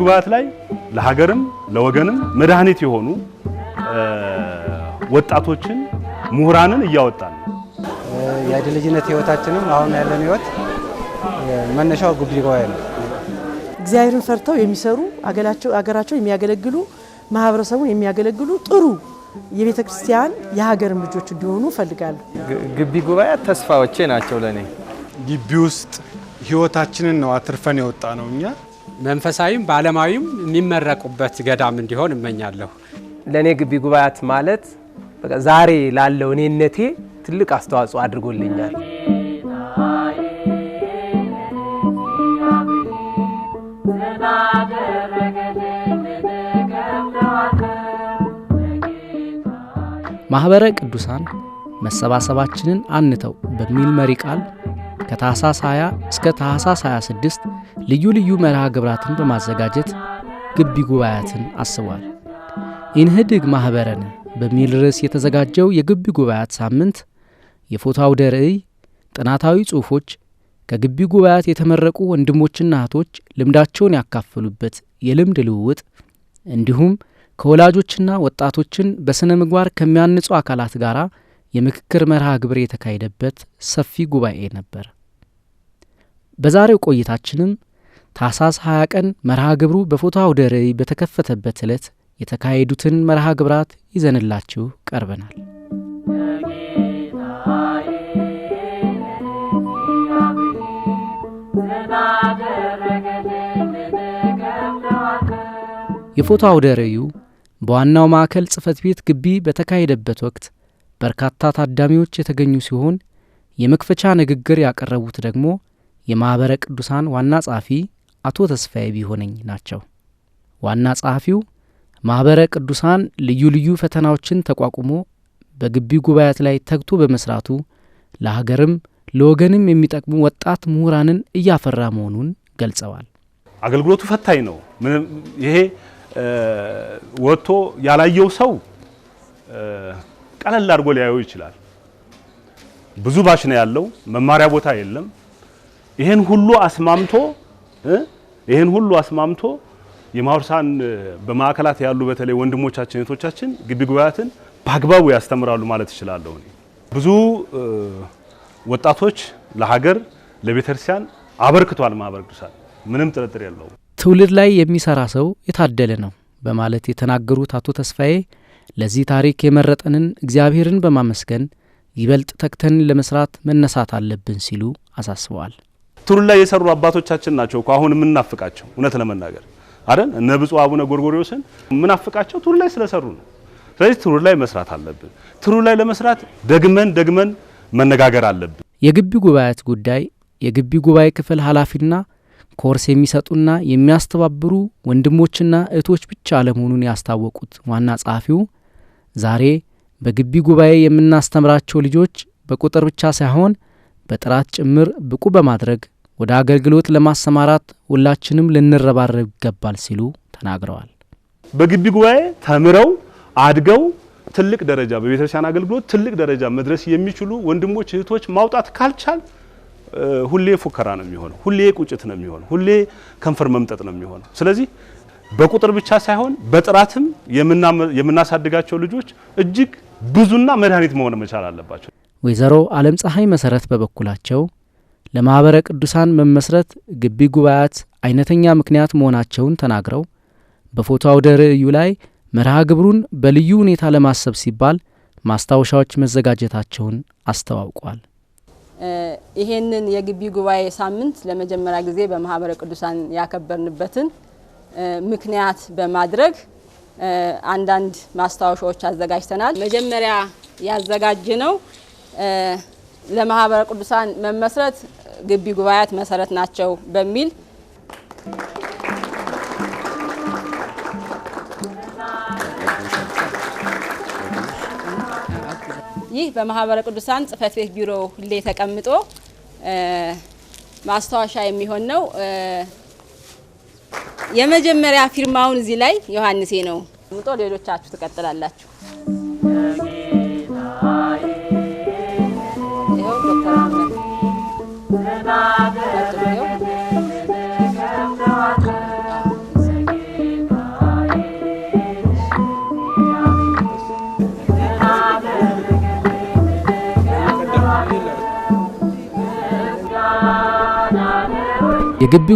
ግብዓት ላይ ለሀገርም ለወገንም መድኃኒት የሆኑ ወጣቶችን ምሁራንን እያወጣን የልጅነት ህይወታችንም አሁን ያለን ህይወት መነሻው ጉቢ ጉባኤ ነው። እግዚአብሔርን ፈርተው የሚሰሩ አገራቸው የሚያገለግሉ ማህበረሰቡን የሚያገለግሉ ጥሩ የቤተ ክርስቲያን የሀገርን ልጆች እንዲሆኑ እፈልጋለሁ። ግቢ ጉባኤ ተስፋዎቼ ናቸው ለእኔ። ግቢ ውስጥ ህይወታችንን ነው አትርፈን የወጣ ነው እኛ መንፈሳዊም በዓለማዊም የሚመረቁበት ገዳም እንዲሆን እመኛለሁ። ለእኔ ግቢ ጉባኤያት ማለት ዛሬ ላለው እኔነቴ ትልቅ አስተዋጽኦ አድርጎልኛል። ማኅበረ ቅዱሳን መሰባሰባችንን አንተው በሚል መሪ ቃል ከታህሳስ 20 እስከ ታህሳስ 26 ልዩ ልዩ መርሃ ግብራትን በማዘጋጀት ግቢ ጉባኤያትን አስቧል። ኢንህድግ ማኅበረን በሚል ርዕስ የተዘጋጀው የግቢ ጉባኤያት ሳምንት የፎቶ አውደ ርዕይ፣ ጥናታዊ ጽሑፎች፣ ከግቢ ጉባኤያት የተመረቁ ወንድሞችና እህቶች ልምዳቸውን ያካፈሉበት የልምድ ልውውጥ እንዲሁም ከወላጆችና ወጣቶችን በሥነ ምግባር ከሚያንጹ አካላት ጋር የምክክር መርሃ ግብር የተካሄደበት ሰፊ ጉባኤ ነበር። በዛሬው ቆይታችንም ታሳስ 20 ቀን መርሃ ግብሩ በፎቶ አውደ ርዕይ በተከፈተበት ዕለት የተካሄዱትን መርሃ ግብራት ይዘንላችሁ ቀርበናል። የፎቶ አውደ ርዕዩ በዋናው ማዕከል ጽሕፈት ቤት ግቢ በተካሄደበት ወቅት በርካታ ታዳሚዎች የተገኙ ሲሆን የመክፈቻ ንግግር ያቀረቡት ደግሞ የማኅበረ ቅዱሳን ዋና ጸሐፊ አቶ ተስፋዬ ቢሆነኝ ናቸው። ዋና ጸሐፊው ማኅበረ ቅዱሳን ልዩ ልዩ ፈተናዎችን ተቋቁሞ በግቢ ጉባኤያት ላይ ተግቶ በመስራቱ ለሀገርም ለወገንም የሚጠቅሙ ወጣት ምሁራንን እያፈራ መሆኑን ገልጸዋል። አገልግሎቱ ፈታኝ ነው። ይሄ ወጥቶ ያላየው ሰው ቀለል አድርጎ ሊያየው ይችላል። ብዙ ባሽ ነው ያለው፣ መማሪያ ቦታ የለም። ይሄን ሁሉ አስማምቶ ይህን ሁሉ አስማምቶ የማውርሳን በማዕከላት ያሉ በተለይ ወንድሞቻችን እህቶቻችን ግቢ ጉባኤያትን በአግባቡ ያስተምራሉ ማለት ይችላለሁ። ብዙ ወጣቶች ለሀገር ለቤተክርስቲያን አበርክቷል ማህበረ ቅዱሳን ምንም ጥርጥር የለውም። ትውልድ ላይ የሚሰራ ሰው የታደለ ነው በማለት የተናገሩት አቶ ተስፋዬ ለዚህ ታሪክ የመረጠንን እግዚአብሔርን በማመስገን ይበልጥ ተግተን ለመስራት መነሳት አለብን ሲሉ አሳስበዋል። ትውልድ ላይ የሰሩ አባቶቻችን ናቸው እኮ አሁን የምናፍቃቸው እውነት ለመናገር አይደል? እነ ብፁዕ አቡነ ጎርጎሪዎስን የምናፍቃቸው ትውልድ ላይ ስለሰሩ ነው። ስለዚህ ትውልድ ላይ መስራት አለብን። ትውልድ ላይ ለመስራት ደግመን ደግመን መነጋገር አለብን። የግቢ ጉባኤያት ጉዳይ የግቢ ጉባኤ ክፍል ኃላፊና ኮርስ የሚሰጡና የሚያስተባብሩ ወንድሞችና እህቶች ብቻ አለመሆኑን ያስታወቁት ዋና ጸሐፊው ዛሬ በግቢ ጉባኤ የምናስተምራቸው ልጆች በቁጥር ብቻ ሳይሆን በጥራት ጭምር ብቁ በማድረግ ወደ አገልግሎት ለማሰማራት ሁላችንም ልንረባረብ ይገባል ሲሉ ተናግረዋል። በግቢ ጉባኤ ተምረው አድገው ትልቅ ደረጃ በቤተክርስቲያን አገልግሎት ትልቅ ደረጃ መድረስ የሚችሉ ወንድሞች እህቶች ማውጣት ካልቻል ሁሌ ፉከራ ነው የሚሆነው፣ ሁሌ ቁጭት ነው የሚሆነው፣ ሁሌ ከንፈር መምጠጥ ነው የሚሆነው። ስለዚህ በቁጥር ብቻ ሳይሆን በጥራትም የምናሳድጋቸው ልጆች እጅግ ብዙና መድኃኒት መሆን መቻል አለባቸው። ወይዘሮ አለም ፀሐይ መሰረት በበኩላቸው ለማኅበረ ቅዱሳን መመስረት ግቢ ጉባኤያት አይነተኛ ምክንያት መሆናቸውን ተናግረው በፎቶ አውደ ርዕዩ ላይ መርሃ ግብሩን በልዩ ሁኔታ ለማሰብ ሲባል ማስታወሻዎች መዘጋጀታቸውን አስተዋውቋል። ይሄንን የግቢ ጉባኤ ሳምንት ለመጀመሪያ ጊዜ በማኅበረ ቅዱሳን ያከበርንበትን ምክንያት በማድረግ አንዳንድ ማስታወሻዎች አዘጋጅተናል። መጀመሪያ ያዘጋጅ ነው ለማኅበረ ቅዱሳን መመስረት ግቢ ጉባኤያት መሰረት ናቸው በሚል ይህ በማህበረ ቅዱሳን ጽሕፈት ቤት ቢሮ ሁሌ ተቀምጦ ማስታወሻ የሚሆን ነው። የመጀመሪያ ፊርማውን እዚህ ላይ ዮሐንሴ ነው። ሌሎቻችሁ ትቀጥላላችሁ። የግቢ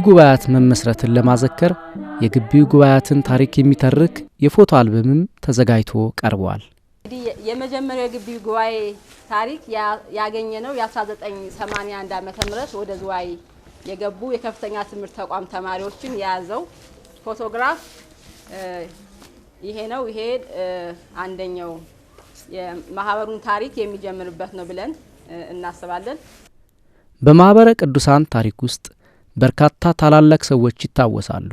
ጉባኤያት መመስረትን ለማዘከር የግቢ ጉባኤያትን ታሪክ የሚተርክ የፎቶ አልበምም ተዘጋጅቶ ቀርበዋል። እንግዲህ የመጀመሪያው የግቢው ጉባኤ ታሪክ ያገኘ ነው። የ1981 ዓ.ም ምህረት ወደ ዝዋይ የገቡ የከፍተኛ ትምህርት ተቋም ተማሪዎችን የያዘው ፎቶግራፍ ይሄ ነው። ይሄ አንደኛው የማህበሩን ታሪክ የሚጀምርበት ነው ብለን እናስባለን። በማህበረ ቅዱሳን ታሪክ ውስጥ በርካታ ታላላቅ ሰዎች ይታወሳሉ።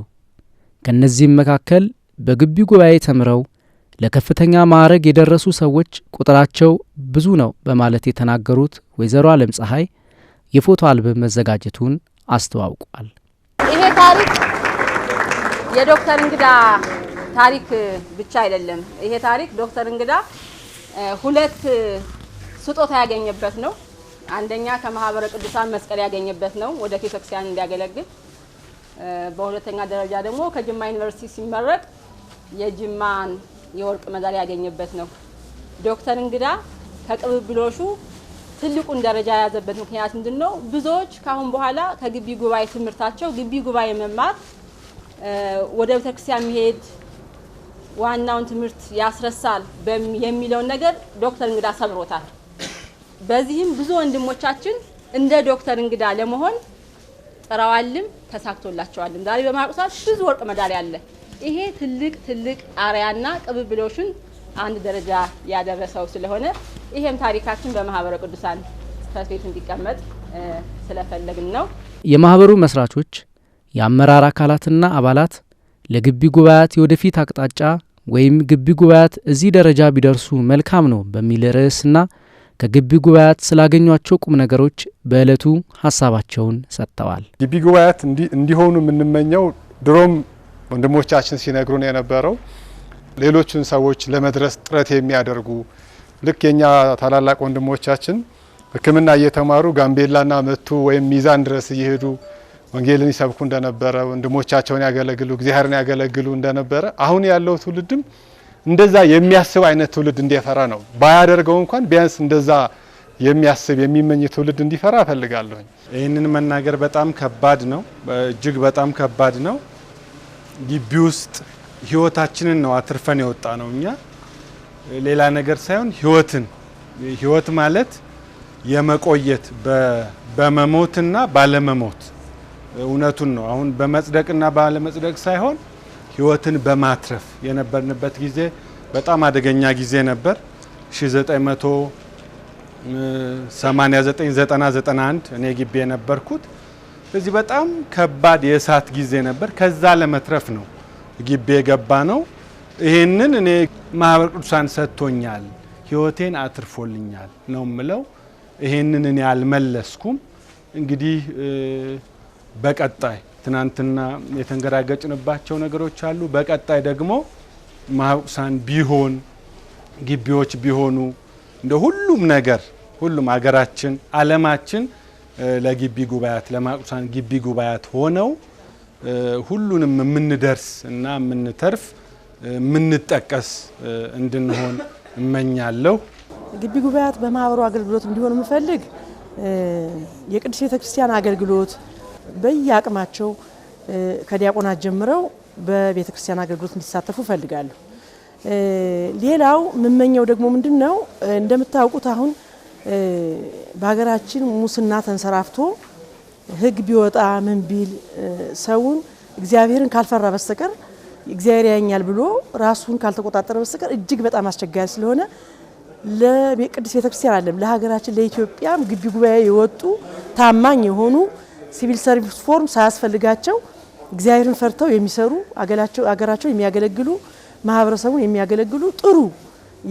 ከእነዚህም መካከል በግቢ ጉባኤ ተምረው ለከፍተኛ ማዕረግ የደረሱ ሰዎች ቁጥራቸው ብዙ ነው በማለት የተናገሩት ወይዘሮ አለም ፀሐይ የፎቶ አልበም መዘጋጀቱን አስተዋውቋል። ይሄ ታሪክ የዶክተር እንግዳ ታሪክ ብቻ አይደለም። ይሄ ታሪክ ዶክተር እንግዳ ሁለት ስጦታ ያገኘበት ነው። አንደኛ ከማህበረ ቅዱሳን መስቀል ያገኘበት ነው ወደ ቤተክርስቲያን እንዲያገለግል፣ በሁለተኛ ደረጃ ደግሞ ከጅማ ዩኒቨርሲቲ ሲመረቅ የጅማን የወርቅ መዳል ያገኘበት ነው። ዶክተር እንግዳ ከቅብብሎሹ ትልቁን ደረጃ የያዘበት ምክንያት ምንድን ነው? ብዙዎች ከአሁን በኋላ ከግቢ ጉባኤ ትምህርታቸው ግቢ ጉባኤ መማር ወደ ቤተክርስቲያን መሄድ ዋናውን ትምህርት ያስረሳል የሚለውን ነገር ዶክተር እንግዳ ሰብሮታል። በዚህም ብዙ ወንድሞቻችን እንደ ዶክተር እንግዳ ለመሆን ጥረዋልም ተሳክቶላቸዋልም። ዛሬ በማቁሳት ብዙ ወርቅ ሜዳሊያ አለ። ይሄ ትልቅ ትልቅ አርያና ቅብብሎሹን አንድ ደረጃ ያደረሰው ስለሆነ ይሄም ታሪካችን በማህበረ ቅዱሳን ጽሕፈት ቤት እንዲቀመጥ ስለፈለግን ነው። የማህበሩ መስራቾች፣ የአመራር አካላትና አባላት ለግቢ ጉባኤያት የወደፊት አቅጣጫ ወይም ግቢ ጉባኤያት እዚህ ደረጃ ቢደርሱ መልካም ነው በሚል ርዕስና ከግቢ ጉባኤያት ስላገኟቸው ቁም ነገሮች በዕለቱ ሀሳባቸውን ሰጥተዋል። ግቢ ጉባኤያት እንዲሆኑ የምንመኘው ድሮም ወንድሞቻችን ሲነግሩን የነበረው ሌሎችን ሰዎች ለመድረስ ጥረት የሚያደርጉ ልክ የኛ ታላላቅ ወንድሞቻችን ሕክምና እየተማሩ ጋምቤላና መቱ ወይም ሚዛን ድረስ እየሄዱ ወንጌልን ይሰብኩ እንደነበረ ወንድሞቻቸውን ያገለግሉ እግዚአብሔርን ያገለግሉ እንደነበረ አሁን ያለው ትውልድም እንደዛ የሚያስብ አይነት ትውልድ እንዲፈራ ነው። ባያደርገው እንኳን ቢያንስ እንደዛ የሚያስብ የሚመኝ ትውልድ እንዲፈራ እፈልጋለሁኝ። ይህንን መናገር በጣም ከባድ ነው፣ እጅግ በጣም ከባድ ነው። ግቢ ውስጥ ህይወታችንን ነው አትርፈን የወጣ ነው። እኛ ሌላ ነገር ሳይሆን ህይወትን ህይወት ማለት የመቆየት በመሞትና ባለመሞት እውነቱን ነው። አሁን በመጽደቅና ባለመጽደቅ ሳይሆን ህይወትን በማትረፍ የነበርንበት ጊዜ በጣም አደገኛ ጊዜ ነበር። 1989 90 91 እኔ ግቢ የነበርኩት ስለዚህ በጣም ከባድ የእሳት ጊዜ ነበር። ከዛ ለመትረፍ ነው ግቢ የገባ ነው። ይህንን እኔ ማህበረ ቅዱሳን ሰጥቶኛል፣ ህይወቴን አትርፎልኛል ነው ምለው ይህንን እኔ አልመለስኩም። እንግዲህ በቀጣይ ትናንትና የተንገራገጭንባቸው ነገሮች አሉ። በቀጣይ ደግሞ ማህበረ ቅዱሳን ቢሆን ግቢዎች ቢሆኑ እንደ ሁሉም ነገር ሁሉም አገራችን አለማችን። ለግቢ ጉባኤያት ለማቁሳን ግቢ ጉባኤያት ሆነው ሁሉንም የምንደርስ እና የምንተርፍ የምንጠቀስ እንድንሆን እመኛለሁ። ግቢ ጉባኤያት በማህበሩ አገልግሎት እንዲሆን የምፈልግ የቅዱስ ቤተ ክርስቲያን አገልግሎት በየአቅማቸው ከዲያቆናት ጀምረው በቤተ ክርስቲያን አገልግሎት እንዲሳተፉ እፈልጋለሁ። ሌላው የምመኘው ደግሞ ምንድን ነው እንደምታውቁት አሁን በሀገራችን ሙስና ተንሰራፍቶ ሕግ ቢወጣ ምን ቢል ሰውን እግዚአብሔርን ካልፈራ በስተቀር እግዚአብሔር ያኛል ብሎ ራሱን ካልተቆጣጠረ በስተቀር እጅግ በጣም አስቸጋሪ ስለሆነ ለቅድስት ቤተክርስቲያን አለም ለሀገራችን ለኢትዮጵያም ግቢ ጉባኤ የወጡ ታማኝ የሆኑ ሲቪል ሰርቪስ ፎርም ሳያስፈልጋቸው እግዚአብሔርን ፈርተው የሚሰሩ አገራቸው የሚያገለግሉ ማህበረሰቡን የሚያገለግሉ ጥሩ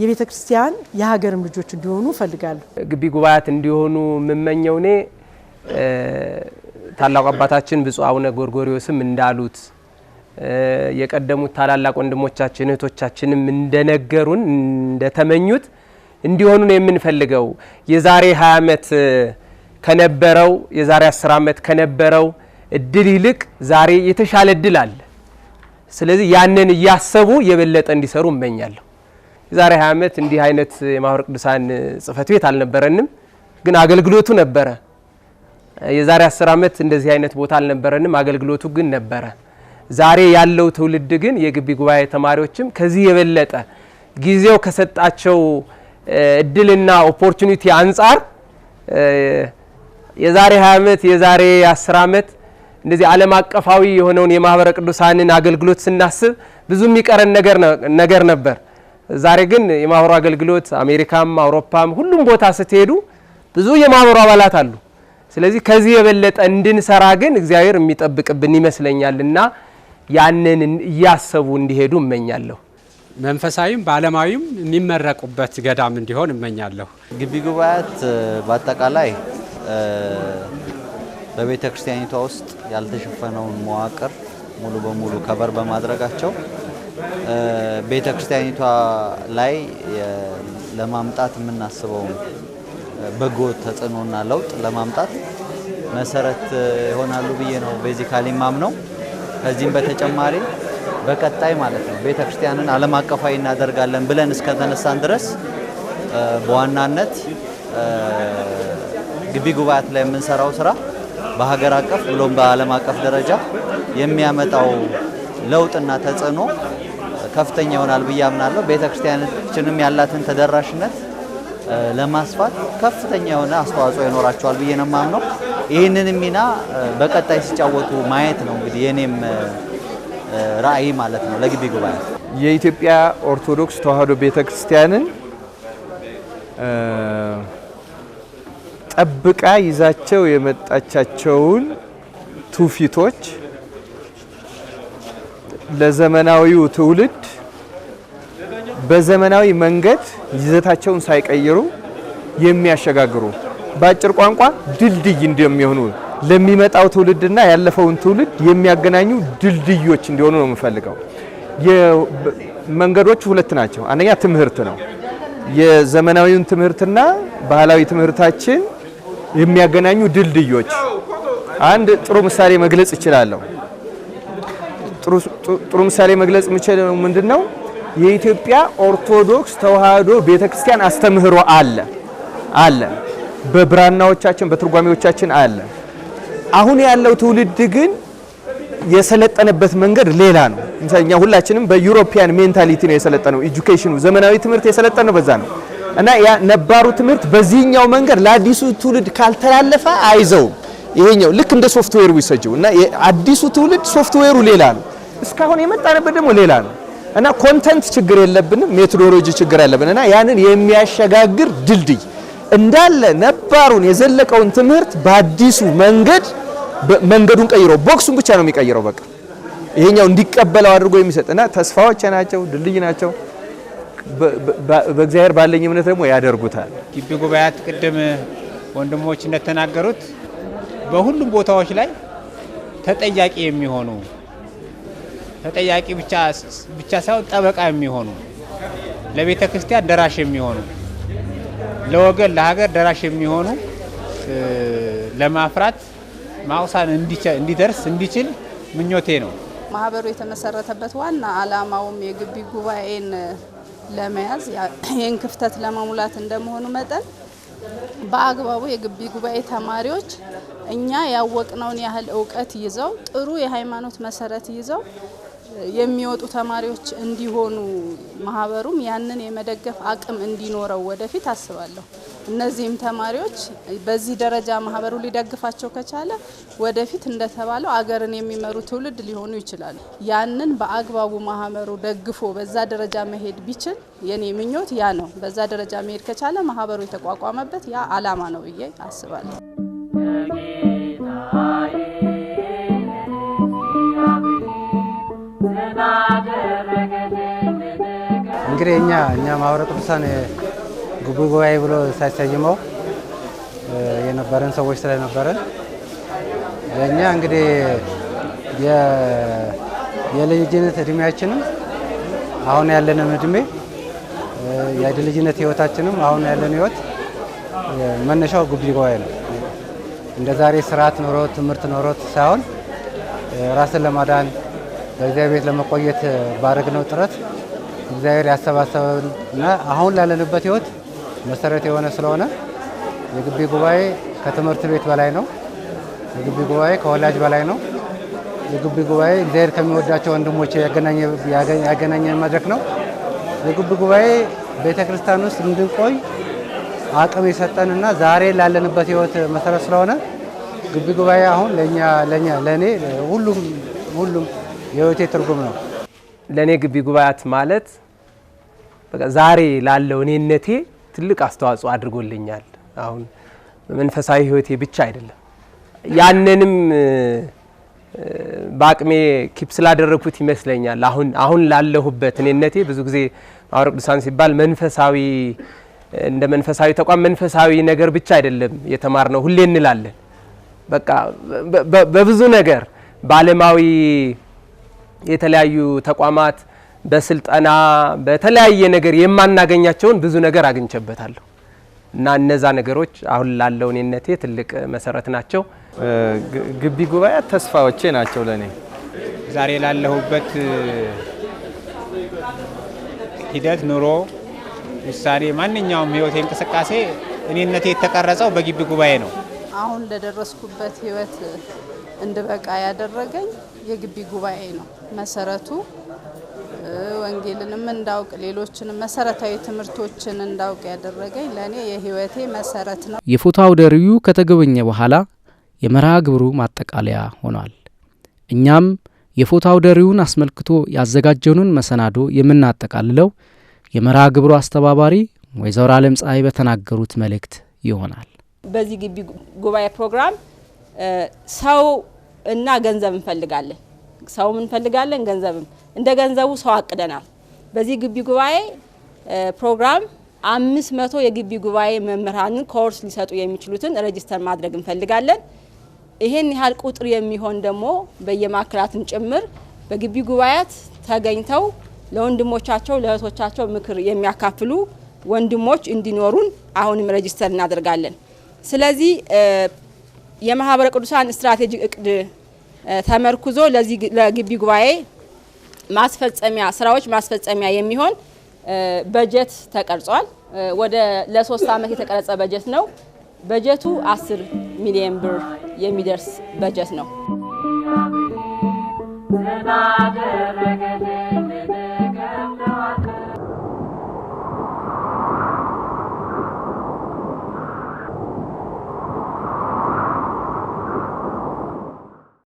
የቤተ ክርስቲያን የሀገርም ልጆች እንዲሆኑ እፈልጋለሁ። ግቢ ጉባኤያት እንዲሆኑ የምመኘው እኔ ታላቁ አባታችን ብፁዕ አቡነ ጎርጎሪዎስም እንዳሉት የቀደሙት ታላላቅ ወንድሞቻችን እህቶቻችንም እንደነገሩን እንደተመኙት እንዲሆኑ ነው የምንፈልገው። የዛሬ 20 ዓመት ከነበረው የዛሬ 10 ዓመት ከነበረው እድል ይልቅ ዛሬ የተሻለ እድል አለ። ስለዚህ ያንን እያሰቡ የበለጠ እንዲሰሩ እመኛለሁ። የዛሬ 20 ዓመት እንዲህ አይነት የማህበረ ቅዱሳን ጽህፈት ቤት አልነበረንም፣ ግን አገልግሎቱ ነበረ። የዛሬ 10 ዓመት እንደዚህ አይነት ቦታ አልነበረንም፣ አገልግሎቱ ግን ነበረ። ዛሬ ያለው ትውልድ ግን የግቢ ጉባኤ ተማሪዎችም ከዚህ የበለጠ ጊዜው ከሰጣቸው እድልና ኦፖርቹኒቲ አንጻር የዛሬ 20 ዓመት የዛሬ 10 ዓመት እንደዚህ ዓለም አቀፋዊ የሆነውን የማህበረ ቅዱሳንን አገልግሎት ስናስብ ብዙ የሚቀረን ነገር ነበር። ዛሬ ግን የማህበሩ አገልግሎት አሜሪካም አውሮፓም ሁሉም ቦታ ስትሄዱ ብዙ የማህበሩ አባላት አሉ። ስለዚህ ከዚህ የበለጠ እንድንሰራ ግን እግዚአብሔር የሚጠብቅብን ይመስለኛል እና ያንን እያሰቡ እንዲሄዱ እመኛለሁ። መንፈሳዊም በዓለማዊም የሚመረቁበት ገዳም እንዲሆን እመኛለሁ። ግቢ ጉባኤያት በአጠቃላይ በቤተ ክርስቲያኒቷ ውስጥ ያልተሸፈነውን መዋቅር ሙሉ በሙሉ ከበር በማድረጋቸው ቤተ ክርስቲያኒቷ ላይ ለማምጣት የምናስበውን በጎ ተጽዕኖና ለውጥ ለማምጣት መሰረት ይሆናሉ ብዬ ነው ቤዚካሊ ማምነው። ከዚህም በተጨማሪ በቀጣይ ማለት ነው ቤተ ክርስቲያንን ዓለም አቀፋዊ እናደርጋለን ብለን እስከተነሳን ድረስ በዋናነት ግቢ ጉባኤያት ላይ የምንሰራው ስራ በሀገር አቀፍ ብሎም በዓለም አቀፍ ደረጃ የሚያመጣው ለውጥና ተጽዕኖ ከፍተኛ ይሆናል ብዬ አምናለሁ። ቤተ ክርስቲያናችንም ያላትን ተደራሽነት ለማስፋት ከፍተኛ የሆነ አስተዋጽኦ ይኖራቸዋል ብዬ ነው የማምነው። ይህንን ሚና በቀጣይ ሲጫወቱ ማየት ነው እንግዲህ የኔም ራዕይ ማለት ነው። ለግቢ ጉባኤ የኢትዮጵያ ኦርቶዶክስ ተዋሕዶ ቤተ ክርስቲያንን ጠብቃ ይዛቸው የመጣቻቸውን ትውፊቶች ለዘመናዊው ትውልድ በዘመናዊ መንገድ ይዘታቸውን ሳይቀይሩ የሚያሸጋግሩ በአጭር ቋንቋ ድልድይ እንደሚሆኑ ለሚመጣው ትውልድና ያለፈውን ትውልድ የሚያገናኙ ድልድዮች እንዲሆኑ ነው የምፈልገው። መንገዶቹ ሁለት ናቸው። አንደኛ ትምህርት ነው። የዘመናዊውን ትምህርትና ባህላዊ ትምህርታችን የሚያገናኙ ድልድዮች። አንድ ጥሩ ምሳሌ መግለጽ እችላለሁ። ጥሩ ምሳሌ መግለጽ የምችለው ምንድን ነው? የኢትዮጵያ ኦርቶዶክስ ተዋህዶ ቤተክርስቲያን አስተምህሮ አለ አለ በብራናዎቻችን በትርጓሜዎቻችን አለ። አሁን ያለው ትውልድ ግን የሰለጠነበት መንገድ ሌላ ነው። እኛ ሁላችንም በዩሮፒያን ሜንታሊቲ ነው የሰለጠነው። ኢጁኬሽኑ ዘመናዊ ትምህርት የሰለጠነው በዛ ነው እና ያ ነባሩ ትምህርት በዚህኛው መንገድ ለአዲሱ ትውልድ ካልተላለፈ አይዘውም። ይሄኛው ልክ እንደ ሶፍትዌሩ ይሰጀው እና አዲሱ ትውልድ ሶፍትዌሩ ሌላ ነው። እስካሁን የመጣንበት ደግሞ ሌላ ነው እና ኮንተንት ችግር የለብንም፣ ሜቶዶሎጂ ችግር አለብን እና ያንን የሚያሸጋግር ድልድይ እንዳለ ነባሩን የዘለቀውን ትምህርት በአዲሱ መንገድ መንገዱን ቀይሮ ቦክሱን ብቻ ነው የሚቀይረው። በቃ ይሄኛው እንዲቀበለው አድርጎ እና ተስፋዎች ናቸው፣ ድልድይ ናቸው። በእግዚአብሔር ባለኝ እምነት ደግሞ ያደርጉታል። ግቢ ጉባኤያት ቅድም ወንድሞች እንደተናገሩት በሁሉም ቦታዎች ላይ ተጠያቂ የሚሆኑ ተጠያቂ ብቻ ሳይሆን ጠበቃ የሚሆኑ ለቤተ ክርስቲያን ደራሽ የሚሆኑ ለወገን ለሀገር ደራሽ የሚሆኑ ለማፍራት ማውሳን እንዲደርስ እንዲችል ምኞቴ ነው። ማህበሩ የተመሰረተበት ዋና አላማውም የግቢ ጉባኤን ለመያዝ ይህን ክፍተት ለመሙላት እንደመሆኑ መጠን በአግባቡ የግቢ ጉባኤ ተማሪዎች እኛ ያወቅነውን ያህል እውቀት ይዘው ጥሩ የሃይማኖት መሰረት ይዘው የሚወጡ ተማሪዎች እንዲሆኑ ማህበሩም ያንን የመደገፍ አቅም እንዲኖረው ወደፊት አስባለሁ። እነዚህም ተማሪዎች በዚህ ደረጃ ማህበሩ ሊደግፋቸው ከቻለ ወደፊት እንደተባለው አገርን የሚመሩ ትውልድ ሊሆኑ ይችላሉ። ያንን በአግባቡ ማህበሩ ደግፎ በዛ ደረጃ መሄድ ቢችል የኔ ምኞት ያ ነው። በዛ ደረጃ መሄድ ከቻለ ማህበሩ የተቋቋመበት ያ አላማ ነው ብዬ አስባለሁ። እንግዲህ እኛ እኛ ማህበረ ቅዱሳን ጉቡ ጉባኤ ብሎ ሳይሰይመው የነበረን ሰዎች ስለነበረን ለእኛ እንግዲህ የልጅነት እድሜያችንም አሁን ያለንን እድሜ የልጅነት ህይወታችንም አሁን ያለን ህይወት መነሻው ጉቢ ጉባኤ ነው። እንደ ዛሬ ስርዓት ኖሮት ትምህርት ኖሮት ሳይሆን ራስን ለማዳን በእግዚአብሔር ቤት ለመቆየት ባረግነው ጥረት እግዚአብሔር ያሰባሰበና አሁን ላለንበት ህይወት መሰረት የሆነ ስለሆነ የግቢ ጉባኤ ከትምህርት ቤት በላይ ነው። የግቢ ጉባኤ ከወላጅ በላይ ነው። የግቢ ጉባኤ እግዚአብሔር ከሚወዳቸው ወንድሞች ያገናኘን መድረክ ነው። የግቢ ጉባኤ ቤተ ክርስቲያን ውስጥ እንድንቆይ አቅም የሰጠንና ዛሬ ላለንበት ህይወት መሰረት ስለሆነ ግቢ ጉባኤ አሁን ለእኛ ለእኔ ሁሉም ሁሉም የህይወቴ ትርጉም ነው። ለእኔ ግቢ ጉባኤያት ማለት ዛሬ ላለው እኔነቴ ትልቅ አስተዋጽኦ አድርጎልኛል። አሁን መንፈሳዊ ህይወቴ ብቻ አይደለም። ያንንም በአቅሜ ኪፕ ስላደረግኩት ይመስለኛል አሁን አሁን ላለሁበት እኔነቴ ብዙ ጊዜ ማህበረ ቅዱሳን ሲባል መንፈሳዊ እንደ መንፈሳዊ ተቋም መንፈሳዊ ነገር ብቻ አይደለም የተማርነው። ሁሌ እንላለን በቃ በብዙ ነገር በአለማዊ የተለያዩ ተቋማት በስልጠና በተለያየ ነገር የማናገኛቸውን ብዙ ነገር አግኝቼበታለሁ እና እነዛ ነገሮች አሁን ላለው እኔነቴ ትልቅ መሰረት ናቸው። ግቢ ጉባኤያት ተስፋዎቼ ናቸው ለእኔ ዛሬ ላለሁበት ሂደት፣ ኑሮ፣ ውሳኔ፣ ማንኛውም ህይወት እንቅስቃሴ እኔነቴ የተቀረጸው በግቢ ጉባኤ ነው። አሁን ለደረስኩበት ህይወት እንድበቃ ያደረገኝ የግቢ ጉባኤ ነው መሰረቱ። ወንጌልንም እንዳውቅ ሌሎችንም መሰረታዊ ትምህርቶችን እንዳውቅ ያደረገኝ ለእኔ የህይወቴ መሰረት ነው። የፎቶ አውደ ርዕዩ በኋላ የመርሃ ግብሩ ማጠቃለያ ሆኗል። እኛም የፎቶ አውደ ርዕዩን አስመልክቶ ያዘጋጀኑን መሰናዶ የምናጠቃልለው የመርሃ ግብሩ አስተባባሪ ወይዘሮ አለም ፀሐይ በተናገሩት መልእክት ይሆናል። በዚህ ግቢ ጉባኤ ፕሮግራም ሰው እና ገንዘብ እንፈልጋለን፣ ሰውም እንፈልጋለን፣ ገንዘብም እንደ ገንዘቡ ሰው አቅደናል። በዚህ ግቢ ጉባኤ ፕሮግራም አምስት መቶ የግቢ ጉባኤ መምህራንን ኮርስ ሊሰጡ የሚችሉትን ረጅስተር ማድረግ እንፈልጋለን። ይሄን ያህል ቁጥር የሚሆን ደግሞ በየማዕከላትም ጭምር በግቢ ጉባኤያት ተገኝተው ለወንድሞቻቸው ለእህቶቻቸው ምክር የሚያካፍሉ ወንድሞች እንዲኖሩን አሁንም ረጅስተር እናደርጋለን። ስለዚህ የማህበረ ቅዱሳን ስትራቴጂክ እቅድ ተመርኩዞ ለዚህ ለግቢ ጉባኤ ማስፈጸሚያ ስራዎች ማስፈጸሚያ የሚሆን በጀት ተቀርጿል። ወደ ለሶስት አመት የተቀረጸ በጀት ነው። በጀቱ አስር ሚሊዮን ብር የሚደርስ በጀት ነው።